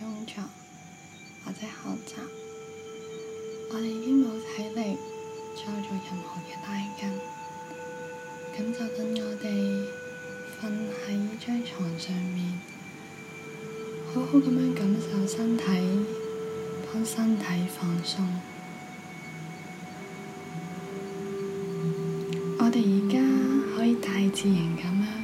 工作或者學習，我哋已經冇體力再做任何嘅拉筋，咁就等我哋瞓喺張床上面，好好咁樣感受身體，幫身體放鬆。 我哋而家可以大自然咁樣。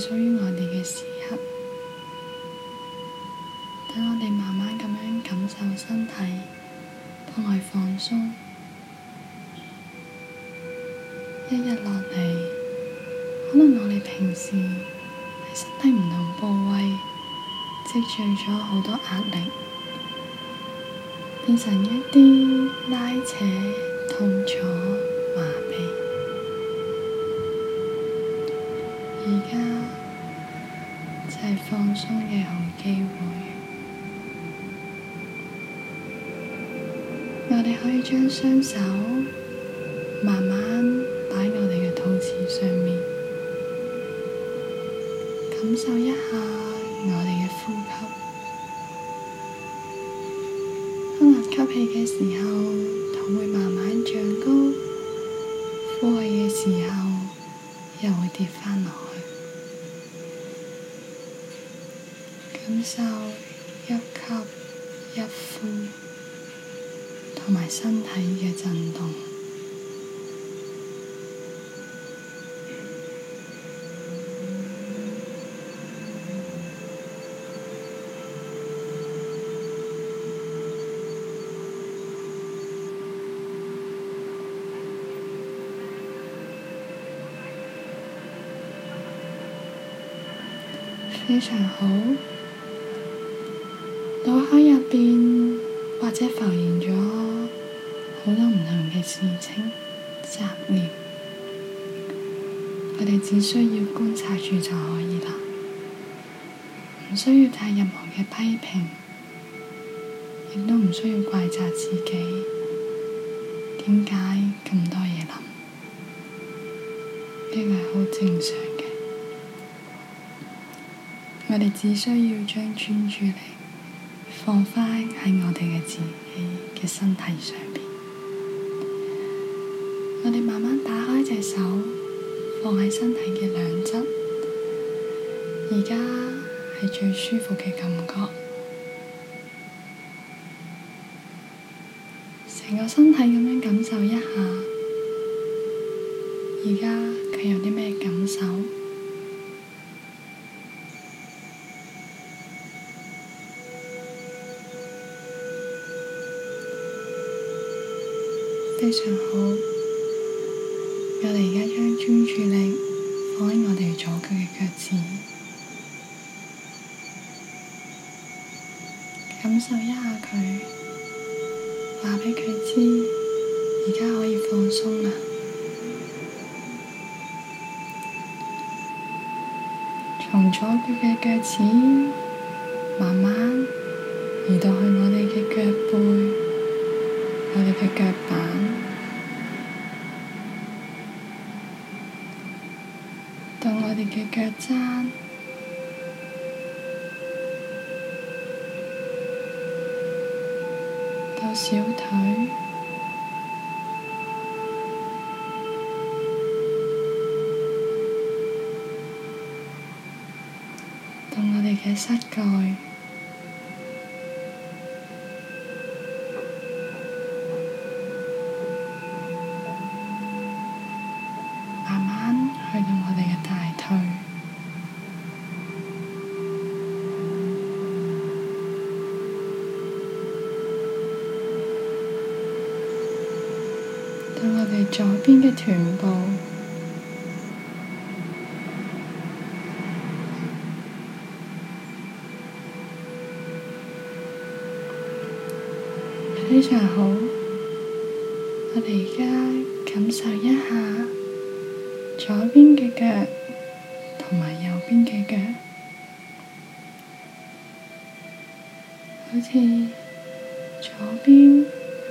屬於我哋嘅時刻，等我哋慢慢咁樣感受身體，幫佢放鬆。一日落嚟，可能我哋平時喺身體唔同部位積聚咗好多壓力，變成一啲拉扯、痛楚。放鬆嘅好機會，我哋可以將雙手慢慢擺喺我哋嘅肚臍上面，感受一下我哋嘅呼吸。當我吸氣嘅時候。一吸一呼，同埋身體嘅震動，非常好。邊或者浮現咗好多唔同嘅事情雜念，我哋只需要觀察住就可以啦，唔需要太任何嘅批評，亦都唔需要怪責自己。點解咁多嘢諗？呢、這個係好正常嘅，我哋只需要將專注嚟。放翻喺我哋嘅自己嘅身體上邊，我哋慢慢打開隻手，放喺身體嘅兩側。而家係最舒服嘅感覺，成個身體咁樣感受一下。而家佢有啲咩感受？非常好，我哋而家將專注力放喺我哋左腳嘅腳趾，感受一下佢，話俾佢知，而家可以放鬆啦。從左腳嘅腳趾慢慢移到去。腳踭，到小腿，到我哋嘅膝蓋。左邊嘅臀部非常好，我哋而家感受一下左邊嘅腳同埋右邊嘅腳，好似左邊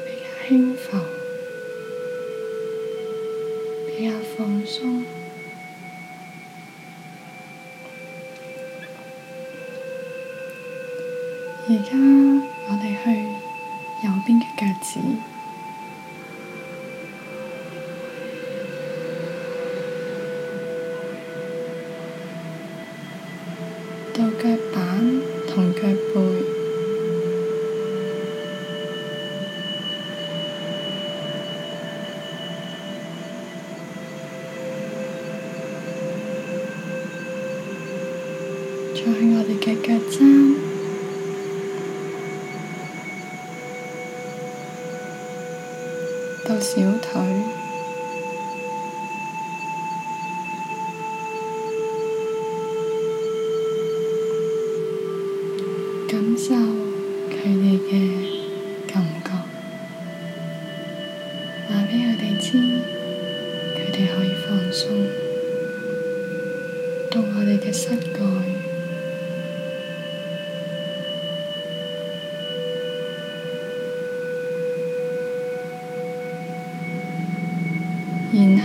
比較輕浮。腳尖到小腿，感受佢哋嘅感覺，話畀佢哋知佢哋可以放鬆，到我哋嘅膝蓋。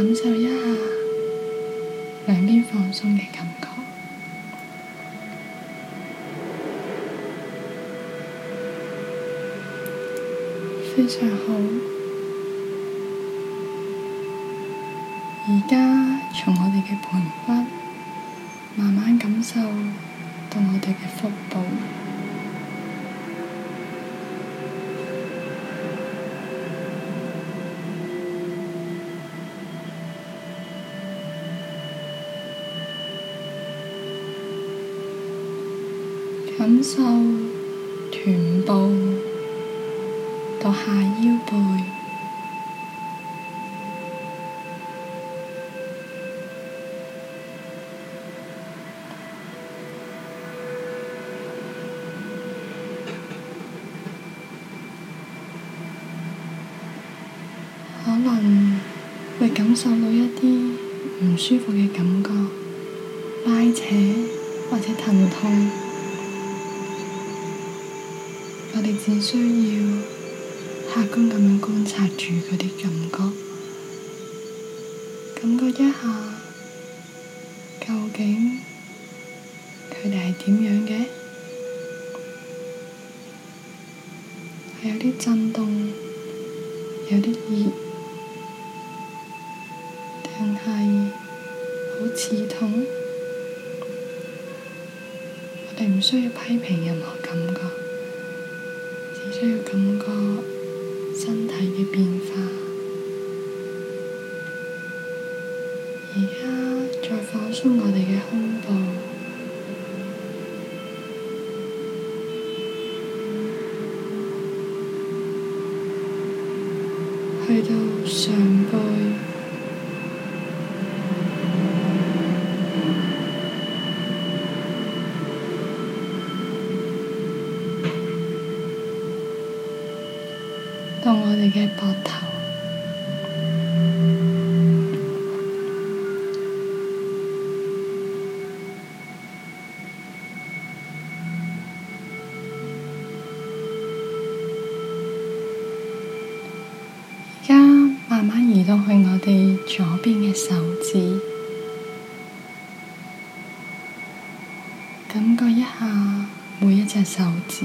感受一下兩邊放鬆嘅感覺，非常好。而家從我哋嘅盆骨慢慢感受到我哋嘅腹部。感受臀部到下腰背，可能會感受到一啲唔舒服嘅感覺，拉扯或者疼痛。我哋只需要客觀咁樣觀察住佢啲感覺，感覺一下究竟佢哋係點樣嘅？係有啲震動，有啲熱，定係好刺痛？我哋唔需要批評任何感覺。感覺身體嘅變化，而家再放鬆我哋嘅胸部，去到上部。膊頭，而家慢慢移到去我哋左邊嘅手指，感覺一下每一隻手指。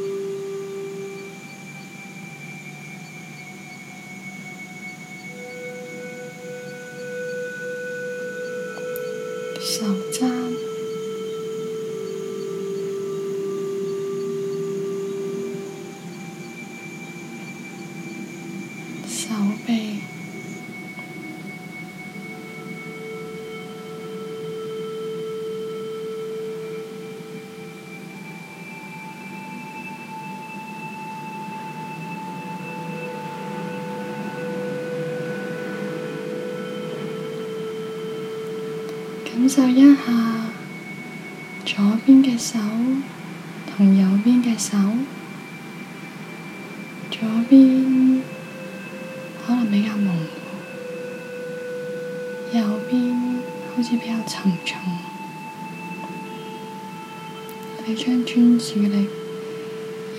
感受一下左邊嘅手同右邊嘅手，左邊可能比較模糊，右邊好似比較沉重。我哋將專注力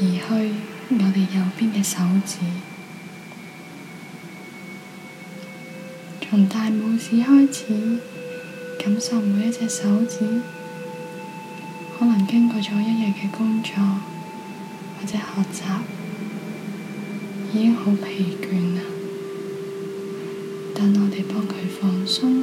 移去我哋右邊嘅手指，從大拇指開始。感受每一隻手指，可能經過咗一夜嘅工作或者學習，已經好疲倦啦。等我哋幫佢放鬆，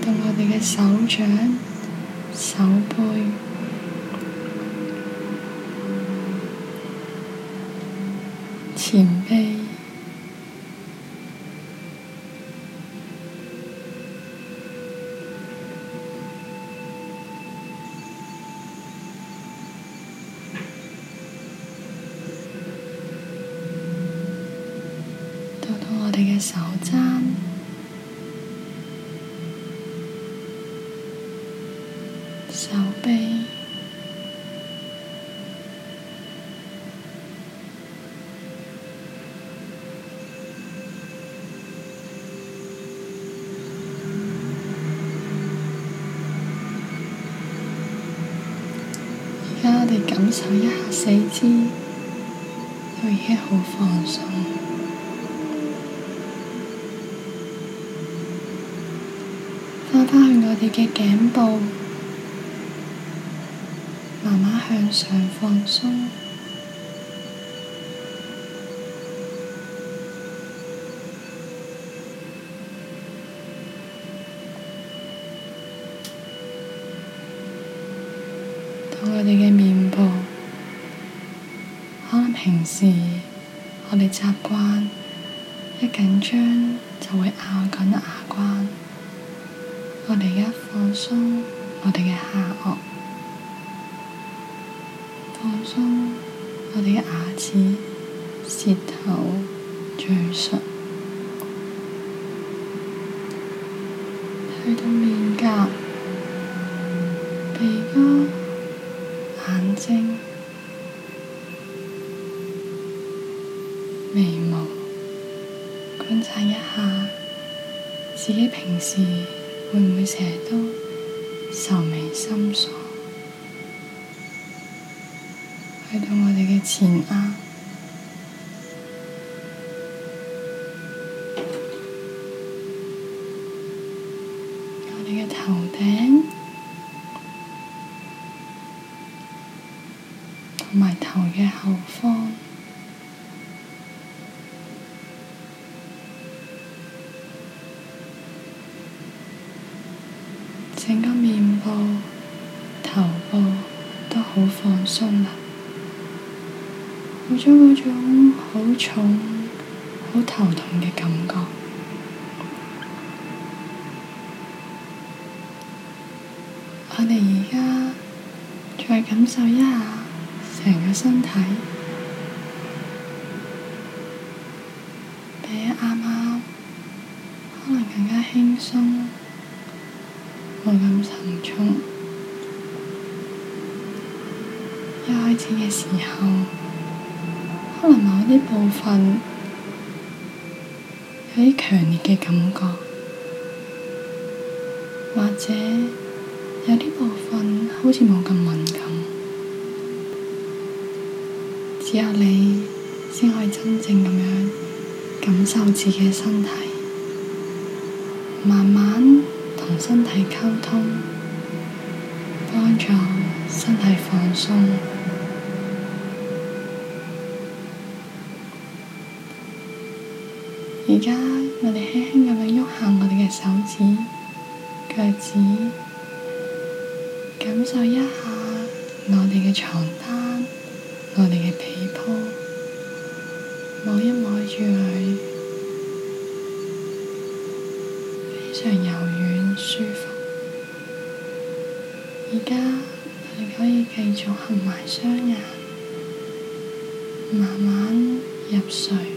對我哋嘅手掌、手背。肩背，到到我哋嘅手踭、手臂。手一下四肢，都已經好放鬆。翻返去我哋嘅頸部，慢慢向上放鬆。時，我哋習慣一緊張就會咬緊牙關。我哋而家放鬆，我哋嘅下顎，放鬆，我哋嘅牙齒、舌頭、上唇，睇到未？自己平時會唔會成日都愁眉深鎖，去到我哋嘅前額？整個面部、頭部都好放鬆啦，冇咗嗰種好重、好頭痛嘅感覺。 我哋而家再感受一下成個身體，比啱啱可能更加輕鬆。冇咁沉重。一開始嘅時候，可能某啲部分有啲強烈嘅感覺，或者有啲部分好似冇咁敏感。只有你先可以真正咁樣感受自己嘅身體，慢慢，同身體溝通，幫助身體放鬆。而家我哋輕輕咁樣喐下我哋嘅手指、腳趾，感受一下我哋嘅床單、我哋嘅被鋪，摸一摸住佢，非常柔軟。舒服，而家你可以繼續合埋雙眼，慢慢入睡。